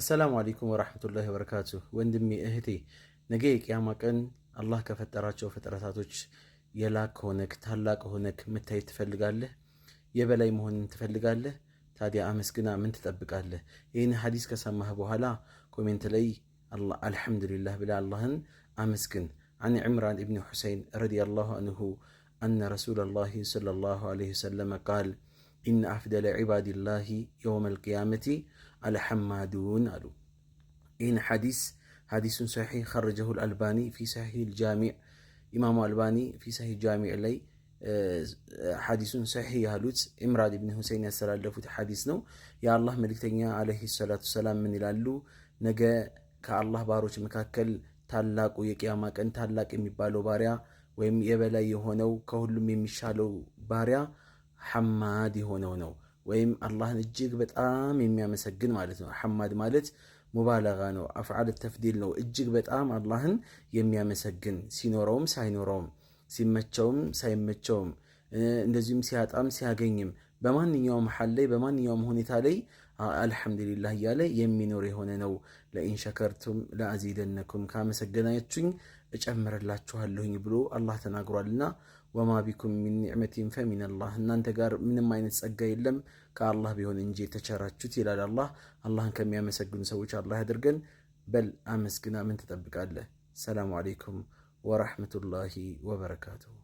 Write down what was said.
አሰላሙ አለይኩም ወራህመቱላሂ ወበረካቱ። ወንድሜ እህቴ፣ ነገ የቅያማ ቀን አላህ ከፈጠራቸው ፍጥረታቶች የላክ ሆነክ ታላቅ ሆነክ መታየት ትፈልጋለህ? የበላይ መሆንን ትፈልጋለህ? ታዲያ አመስግና ምን ትጠብቃለህ? ይህን ሀዲስ ከሰማህ በኋላ ኮሜንት ላይ አልሐምዱሊላህ ብላ አላህን አመስግን። አን ዕምራን ኢብኒ ሁሰይን ረዲየላሁ አንሁ አነ ረሱለላሂ ሰለላሁ ዓለይሂ ወሰለም ቃል ኢነ አፍደለ ዒባድላሂ የውመል ቂያመቲ አልሐማዱን አሉ። ይህን ሐዲስ ሐዲሱን ሰሒሕ ኸረጀሁል አልባኒ ፊ ሰሒሕ ጃሚዕ ኢማሙ አልባኒ ፊ ሰሒሕ ጃሚዕ ላይ ሐዲሱን ሰሒሕ ያሉት ኢምራን ብን ሁሴን ያስተላለፉት ሐዲስ ነው። የአላህ መልክተኛ ዓለይሂ ሰላቱ ሰላም ምን ይላሉ? ነገ ከአላህ ባሮች መካከል ታላቁ የቅያማ ቀን ታላቅ የሚባለው ባሪያ ወይም የበላይ የሆነው ከሁሉም የሚሻለው ባሪያ ሐማድ የሆነው ነው ወይም አላህን እጅግ በጣም የሚያመሰግን ማለት ነው። ሐማድ ማለት ሙባለጋ ነው፣ አፍዓል ተፍዲል ነው። እጅግ በጣም አላህን የሚያመሰግን ሲኖረውም ሳይኖረውም ሲመቸውም ሳይመቸውም እንደዚሁም ሲያጣም ሲያገኝም በማንኛውም ሐል ላይ በማንኛውም ሁኔታ ላይ አልሐምዱሊላህ እያለ የሚኖር የሆነ ነው። ለኢንሸከርቱም ለአዚደነኩም ካመሰገናችሁኝ እጨምርላችኋለሁኝ ብሎ አላህ ተናግሯልና ወማ ቢኩም ሚን ኒዕመቲን ፈሚነላህ እናንተ ጋር ምንም አይነት ጸጋ የለም ከአላህ ቢሆን እንጂ የተቸራችሁት ይላል አላህ። አላህን ከሚያመሰግኑ ሰዎች አላህ ያድርገን። በል አመስግና፣ ምን ትጠብቃለህ? ሰላሙ አሌይኩም ወረሕመቱላሂ ወበረካቱሁ።